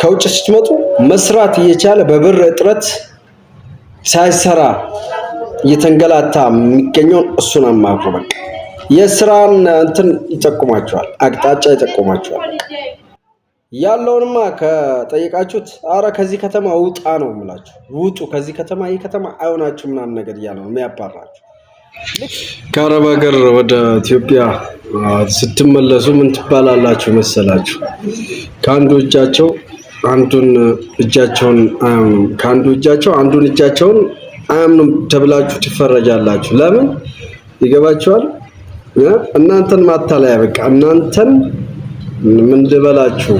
ከውጭ ስትመጡ መስራት እየቻለ በብር እጥረት ሳይሰራ እየተንገላታ የሚገኘውን እሱን አማክሩ። በቃ የስራን እንትን ይጠቁማቸዋል፣ አቅጣጫ ይጠቁማቸዋል። ያለውንማ ከጠየቃችሁት አረ ከዚህ ከተማ ውጣ ነው የምላችሁ። ውጡ ከዚህ ከተማ፣ ይህ ከተማ አይሆናችሁ ምናምን ነገር እያለ ነው የሚያባራችሁ። ከአረብ ሀገር ወደ ኢትዮጵያ ስትመለሱ ምን ትባላላችሁ መሰላችሁ? ከአንዱ እጃቸው አንዱን እጃቸውን አያምኑም፣ ከአንዱ እጃቸው አንዱን እጃቸውን አያምኑም ተብላችሁ ትፈረጃላችሁ። ለምን ይገባችኋል? እናንተን ማታለያ በቃ እናንተን ምን ልበላችሁ፣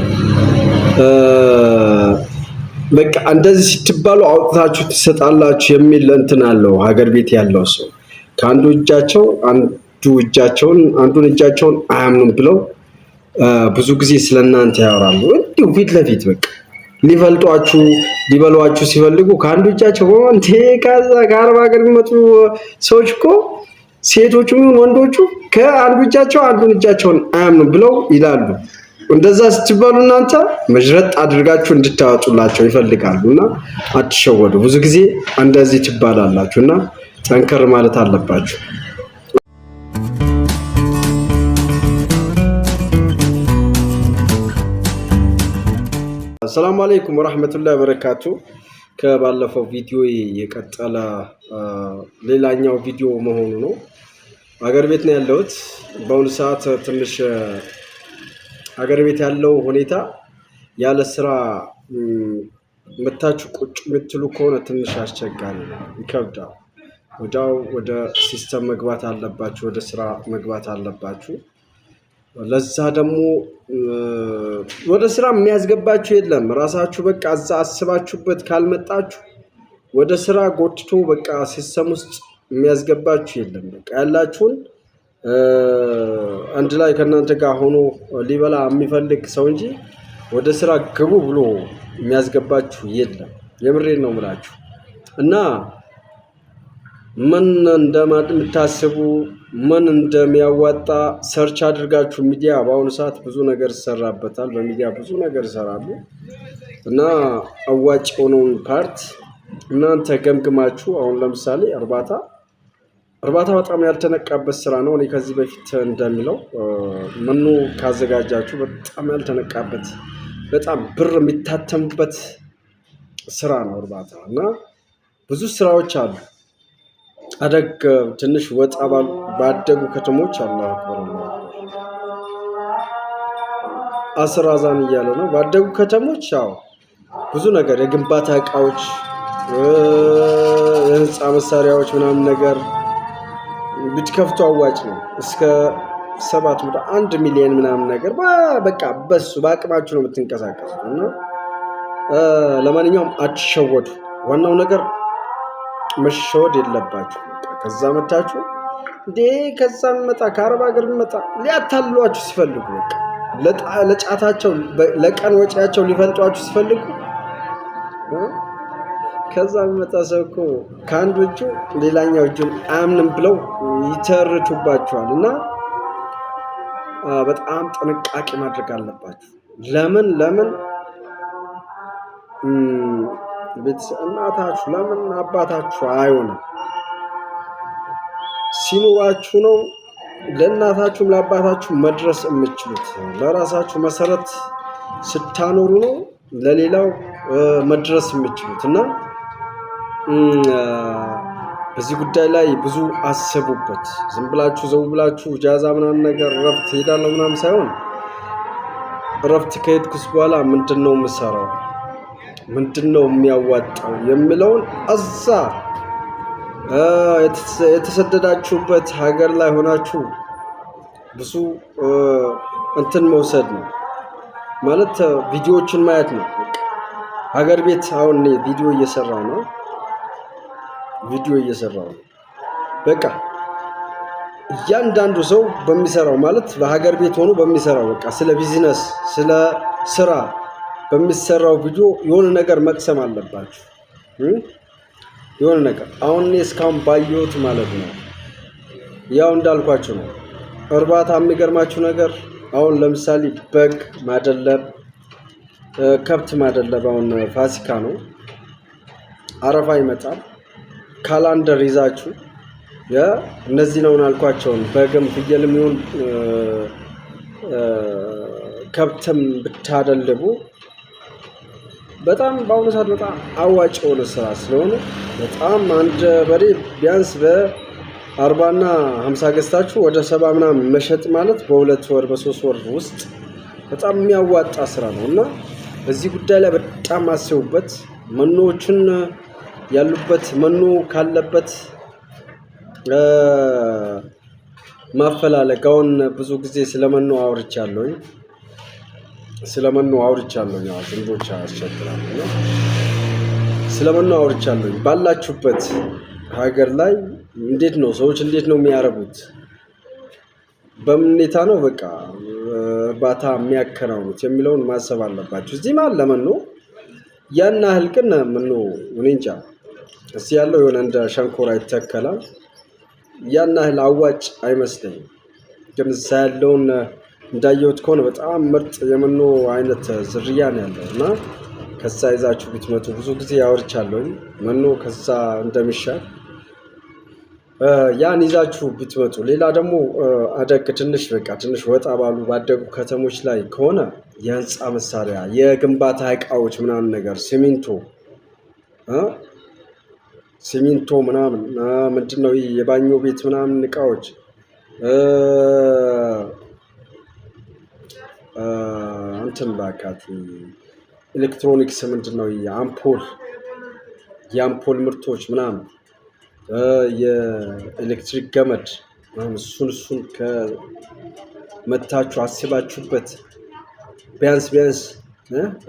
በቃ እንደዚህ ስትባሉ አውጥታችሁ ትሰጣላችሁ የሚል እንትን አለው ሀገር ቤት ያለው ሰው ከአንዱ እጃቸው አንዱ እጃቸውን አንዱን እጃቸውን አያምኑም ብለው ብዙ ጊዜ ስለ እናንተ ያወራሉ። እንዲሁ ፊት ለፊት በቃ ሊፈልጧችሁ ሊበሏችሁ ሲፈልጉ ከአንዱ እጃቸው እንዴ ከዛ ከአረብ ሀገር የሚመጡ ሰዎች እኮ ሴቶቹም ይሁን ወንዶቹ ከአንዱ እጃቸው አንዱን እጃቸውን አያምኑም ብለው ይላሉ። እንደዛ ስትባሉ እናንተ መዥረጥ አድርጋችሁ እንድታወጡላቸው ይፈልጋሉ እና አትሸወዱ። ብዙ ጊዜ እንደዚህ ትባላላችሁ እና ጠንከር ማለት አለባችሁ። አሰላሙ አለይኩም ወራህመቱላሂ ወበረካቱ። ከባለፈው ቪዲዮ የቀጠለ ሌላኛው ቪዲዮ መሆኑ ነው። አገር ቤት ነው ያለሁት በአሁኑ ሰዓት። ትንሽ አገር ቤት ያለው ሁኔታ ያለ ስራ መታችሁ ቁጭ የምትሉ ከሆነ ትንሽ አስቸጋሪ ይከብዳል። ወዲያው ወደ ሲስተም መግባት አለባችሁ፣ ወደ ስራ መግባት አለባችሁ። ለዛ ደግሞ ወደ ስራ የሚያስገባችሁ የለም። ራሳችሁ በቃ እዛ አስባችሁበት ካልመጣችሁ ወደ ስራ ጎትቶ በቃ ሲስተም ውስጥ የሚያስገባችሁ የለም። በቃ ያላችሁን አንድ ላይ ከእናንተ ጋር ሆኖ ሊበላ የሚፈልግ ሰው እንጂ ወደ ስራ ግቡ ብሎ የሚያስገባችሁ የለም። የምሬን ነው ምላችሁ እና ምን እንደምታስቡ ምን እንደሚያዋጣ ሰርች አድርጋችሁ ሚዲያ በአሁኑ ሰዓት ብዙ ነገር ይሰራበታል። በሚዲያ ብዙ ነገር ይሰራሉ እና አዋጭ የሆነውን ፓርት እናንተ ገምግማችሁ አሁን ለምሳሌ እርባታ እርባታ በጣም ያልተነቃበት ስራ ነው። እኔ ከዚህ በፊት እንደሚለው ምኑ ካዘጋጃችሁ በጣም ያልተነቃበት በጣም ብር የሚታተምበት ስራ ነው እርባታ እና ብዙ ስራዎች አሉ አደግ ትንሽ ወጣ ባደጉ ከተሞች አላህ አክበር አስር አዛን እያለ ነው። ባደጉ ከተሞች ያው ብዙ ነገር የግንባታ እቃዎች፣ የህንፃ መሳሪያዎች ምናምን ነገር ብትከፍቱ አዋጭ ነው። እስከ ሰባት መቶ አንድ ሚሊዮን ምናምን ነገር በቃ በሱ በአቅማችሁ ነው የምትንቀሳቀሱ እና ለማንኛውም አትሸወዱ። ዋናው ነገር መሸወድ የለባችሁ። ከዛ መታችሁ እንዴ ከዛ መጣ ከአረብ ሀገር መጣ ሊያታሏችሁ ሲፈልጉ ለጫታቸው ለቀን ወጪያቸው ሊፈልጧችሁ ሲፈልጉ ከዛ መጣ ሰው እኮ ከአንዱ እጁ ሌላኛው እጁን አያምንም ብለው ይተርቱባችኋል። እና በጣም ጥንቃቄ ማድረግ አለባችሁ። ለምን ለምን ቤት እናታችሁ ለምን አባታችሁ አይሆንም? ሲኖራችሁ ነው ለእናታችሁም ለአባታችሁ መድረስ የምችሉት። ለራሳችሁ መሰረት ስታኖሩ ነው ለሌላው መድረስ የምችሉት እና በዚህ ጉዳይ ላይ ብዙ አሰቡበት ዝም ብላችሁ ዘው ብላችሁ ጃዛ ምናምን ነገር እረፍት ሄዳለሁ ምናምን ሳይሆን እረፍት ከሄድኩስ በኋላ ምንድን ነው የምሰራው? ምንድን ነው የሚያዋጣው የሚለውን እዛ የተሰደዳችሁበት ሀገር ላይ ሆናችሁ ብዙ እንትን መውሰድ ነው ማለት ቪዲዮዎችን ማየት ነው። ሀገር ቤት አሁን ቪዲዮ እየሰራ ነው። ቪዲዮ እየሰራ ነው። በቃ እያንዳንዱ ሰው በሚሰራው ማለት በሀገር ቤት ሆኖ በሚሰራው በቃ ስለ ቢዝነስ ስለ ስራ በሚሰራው ቪዲዮ የሆነ ነገር መቅሰም አለባችሁ። የሆነ ነገር አሁን እኔ እስካሁን ባየሁት ማለት ነው ያው እንዳልኳችሁ ነው። እርባታ የሚገርማችሁ ነገር አሁን ለምሳሌ በግ ማደለብ፣ ከብት ማደለብ። አሁን ፋሲካ ነው፣ አረፋ ይመጣል። ካላንደር ይዛችሁ እነዚህ ነውን አልኳቸውን በግም ፍየልም ይሁን ከብትም ብታደልቡ በጣም በአሁኑ ሰዓት በጣም አዋጭ የሆነ ስራ ስለሆነ በጣም አንድ በሬ ቢያንስ በአርባና ሀምሳ ገዝታችሁ ወደ ሰባ ምናምን መሸጥ ማለት በሁለት ወር በሶስት ወር ውስጥ በጣም የሚያዋጣ ስራ ነው እና በዚህ ጉዳይ ላይ በጣም አስቡበት። መኖዎችን ያሉበት መኖ ካለበት ማፈላለግ አሁን ብዙ ጊዜ ስለመኖ አውርቻለሁኝ። ስለመኖ አውርቻለሁ። ያው አያስቸግራሉ። ያስቸግራሉ። ስለመኖ አውርቻለሁ። ባላችሁበት ሀገር ላይ እንዴት ነው ሰዎች እንዴት ነው የሚያረቡት? በምን ሁኔታ ነው በቃ እርባታ የሚያከናውኑት የሚለውን ማሰብ አለባችሁ። እዚህ ማን ለመኖ ያን ያህል ግን ምኖ እኔ እንጃ እስ ያለው የሆነ እንደ ሸንኮራ ይተከላል። ያን ያህል አዋጭ አይመስለኝም ግን እዛ ያለውን እንዳየሁት ከሆነ በጣም ምርጥ የመኖ አይነት ዝርያ ነው ያለው እና ከዛ ይዛችሁ ብትመጡ ብዙ ጊዜ ያወርቻለሁኝ መኖ ከዛ እንደሚሻል ያን ይዛችሁ ብትመጡ። ሌላ ደግሞ አደግ ትንሽ በቃ ትንሽ ወጣ ባሉ ባደጉ ከተሞች ላይ ከሆነ የህንፃ መሳሪያ፣ የግንባታ እቃዎች ምናምን ነገር ሲሚንቶ ሲሚንቶ ምናምን ምንድን ነው የባኞ ቤት ምናምን እቃዎች እንትን ላካት ኤሌክትሮኒክስ ምንድን ነው የአምፖል የአምፖል ምርቶች ምናምን የኤሌክትሪክ ገመድ እሱን እሱን ከመታችሁ አስባችሁበት ቢያንስ ቢያንስ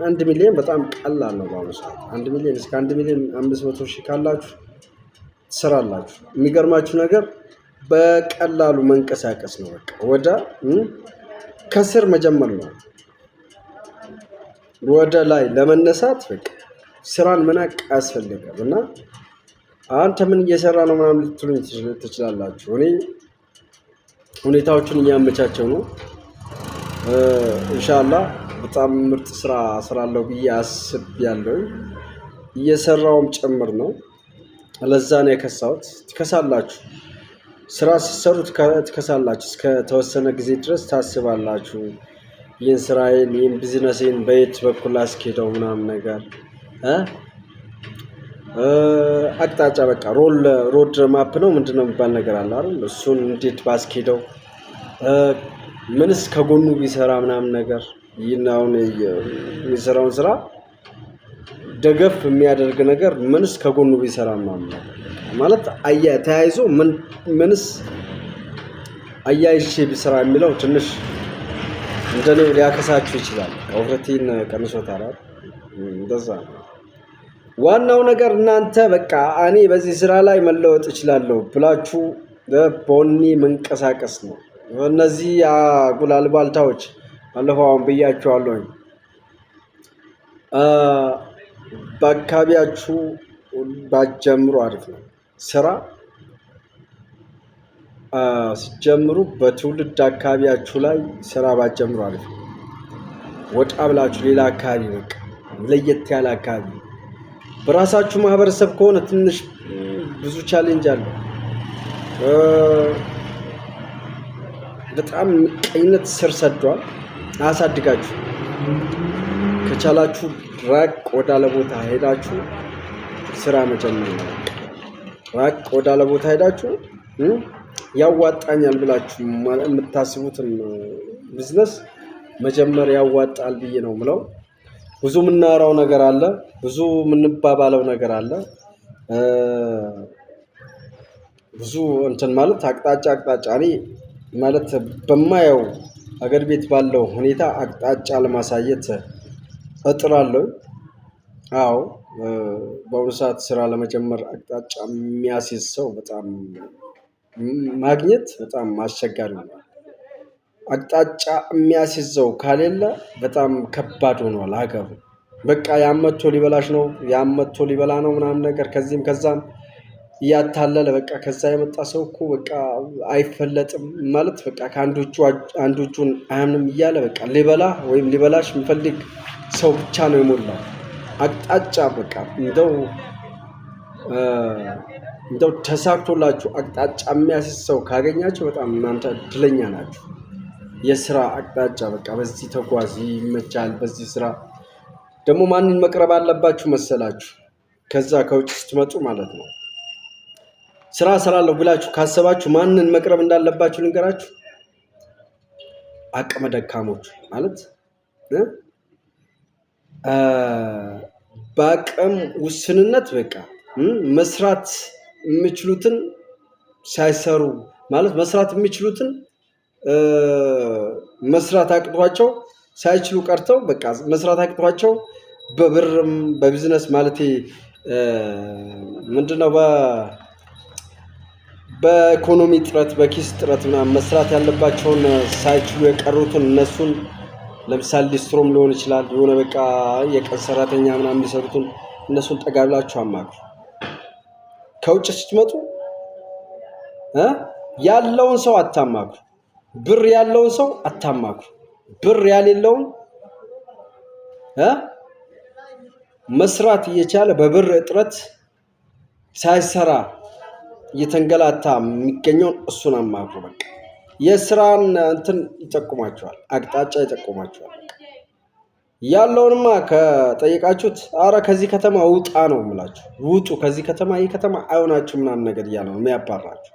አንድ ሚሊዮን በጣም ቀላል ነው። በአሁኑ ሰዓት አንድ ሚሊዮን እስከ አንድ ሚሊዮን አምስት መቶ ሺህ ካላችሁ ትሰራላችሁ። የሚገርማችሁ ነገር በቀላሉ መንቀሳቀስ ነው። በቃ ወደ ከስር መጀመር ነው። ወደ ላይ ለመነሳት በቃ ስራን መናቅ አያስፈልግም። እና አንተ ምን እየሰራ ነው ምናምን ልትሉኝ ትችላላችሁ። እኔ ሁኔታዎችን እያመቻቸው ነው። እንሻላ በጣም ምርጥ ስራ ስራለው ብዬ አስብ ያለው እየሰራውም ጭምር ነው። ለዛ ነው የከሳሁት። ትከሳላችሁ ስራ ስትሰሩ ትከሳላችሁ። እስከ ተወሰነ ጊዜ ድረስ ታስባላችሁ። ይህን ስራዬን ይህን ቢዝነሴን በየት በኩል አስኬደው ምናምን ነገር አቅጣጫ በቃ ሮል ሮድ ማፕ ነው ምንድነው የሚባል ነገር አለ አይደል? እሱን እንዴት ባስኬደው ምንስ ከጎኑ ቢሰራ ምናምን ነገር ይህን አሁን የሚሰራውን ስራ ደገፍ የሚያደርግ ነገር ምንስ ከጎኑ ቢሰራ ምናምን ነገር ማለት አያ ተያይዞ ምንስ አያይሼ ቢሰራ የሚለው ትንሽ እንትን ሊያከሳችሁ ይችላል። ውፍረቴን ቀንሶታል። እንደዛ ዋናው ነገር። እናንተ በቃ እኔ በዚህ ስራ ላይ መለወጥ እችላለሁ ብላችሁ በቦኒ መንቀሳቀስ ነው። እነዚህ አጉል አልባልታዎች ባለፈው አሁን ብያችኋለሁኝ። በአካባቢያችሁ ባትጀምሩ አሪፍ ነው ስራ ሲጀምሩ በትውልድ አካባቢያችሁ ላይ ስራ ባትጀምሩ አሪፍ ወጣ ብላችሁ ሌላ አካባቢ በቃ ለየት ያለ አካባቢ በራሳችሁ ማህበረሰብ ከሆነ ትንሽ ብዙ ቻሌንጅ አለ። በጣም ምቀኝነት ስር ሰዷል። አያሳድጋችሁ። ከቻላችሁ ራቅ ወዳለ ቦታ ሄዳችሁ ስራ መጀመር ራቅ ወዳለ ቦታ ሄዳችሁ ያዋጣኛል ብላችሁ የምታስቡትን ቢዝነስ መጀመር ያዋጣል ብዬ ነው ምለው። ብዙ የምናወራው ነገር አለ፣ ብዙ የምንባባለው ነገር አለ። ብዙ እንትን ማለት አቅጣጫ አቅጣጫ እኔ ማለት በማየው አገር ቤት ባለው ሁኔታ አቅጣጫ ለማሳየት እጥራለሁ። አዎ በአሁኑ ሰዓት ስራ ለመጀመር አቅጣጫ የሚያስይዝ ሰው በጣም ማግኘት በጣም አስቸጋሪ ነው። አቅጣጫ የሚያስይዘው ከሌለ በጣም ከባድ ሆኗል ሀገሩ። በቃ ያም ሊበላሽ ነው ያም ሊበላ ነው ምናምን ነገር ከዚህም ከዛም እያታለለ በቃ ከዛ የመጣ ሰው እኮ በቃ አይፈለጥም ማለት በቃ ከአንዶቹ አንዶቹን እጁን አያምንም እያለ በቃ ሊበላ ወይም ሊበላሽ የሚፈልግ ሰው ብቻ ነው የሞላው። አቅጣጫ በቃ እንደው እንደው ተሳክቶላችሁ አቅጣጫ የሚያስዝ ሰው ካገኛችሁ በጣም እናንተ እድለኛ ናችሁ። የስራ አቅጣጫ በቃ በዚህ ተጓዝ ይመቻል። በዚህ ስራ ደግሞ ማንን መቅረብ አለባችሁ መሰላችሁ? ከዛ ከውጭ ስትመጡ ማለት ነው። ስራ ስራለሁ ብላችሁ ካሰባችሁ ማንን መቅረብ እንዳለባችሁ ልንገራችሁ። አቅመ ደካሞች ማለት በአቅም ውስንነት በቃ መስራት የሚችሉትን ሳይሰሩ ማለት መስራት የሚችሉትን መስራት አቅቷቸው ሳይችሉ ቀርተው በቃ መስራት አቅቷቸው በብርም በቢዝነስ ማለት ምንድነው በኢኮኖሚ ጥረት በኪስ ጥረት ምናምን መስራት ያለባቸውን ሳይችሉ የቀሩትን እነሱን ለምሳሌ ሊስትሮም ሊሆን ይችላል የሆነ በቃ የቀን ሰራተኛ ምናምን የሚሰሩትን እነሱን ጠጋብላችሁ አማክሩ። ከውጭ ስትመጡ ያለውን ሰው አታማክሩ። ብር ያለውን ሰው አታማክሩ። ብር ያሌለውን መስራት እየቻለ በብር እጥረት ሳይሰራ እየተንገላታ የሚገኘውን እሱን አማክሩ። በቃ የስራን እንትን ይጠቁማቸዋል፣ አቅጣጫ ይጠቁማቸዋል። ያለውንማ ከጠይቃችሁት አረ ከዚህ ከተማ ውጣ ነው የምላችሁ። ውጡ ከዚህ ከተማ ይህ ከተማ አይሆናችሁ ምናምን ነገር እያለ ነው የሚያባራችሁ።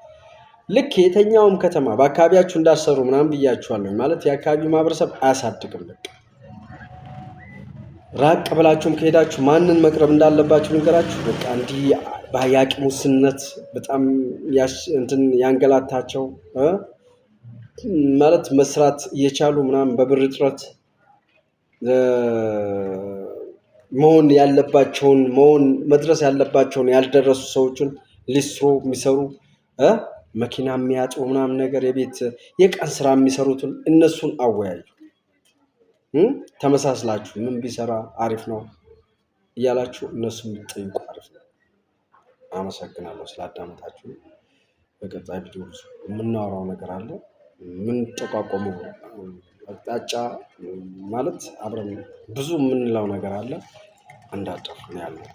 ልክ የተኛውም ከተማ በአካባቢያችሁ እንዳሰሩ ምናምን ብያችኋለሁ። ማለት የአካባቢ ማህበረሰብ አያሳድግም። ልቅ ራቅ ብላችሁም ከሄዳችሁ ማንን መቅረብ እንዳለባችሁ ንገራችሁ። በቃ እንዲህ በአያቂ በጣም እንትን ያንገላታቸው ማለት መስራት እየቻሉ ምናምን በብር እጥረት መሆን ያለባቸውን መሆን መድረስ ያለባቸውን ያልደረሱ ሰዎችን ሊስትሮ የሚሰሩ መኪና የሚያጡ ምናምን ነገር የቤት የቀን ስራ የሚሰሩትን እነሱን አወያዩ። ተመሳስላችሁ ምን ቢሰራ አሪፍ ነው እያላችሁ እነሱን ጠይቁ። አሪፍ ነው። አመሰግናለሁ ስላዳመጣችሁ። በቀጣይ ቪዲዮ የምናወራው ነገር አለ። ምን ጠቋቆሙ አቅጣጫ ማለት አብረን ብዙ የምንለው ነገር አለ እንዳልጠፋን ያለው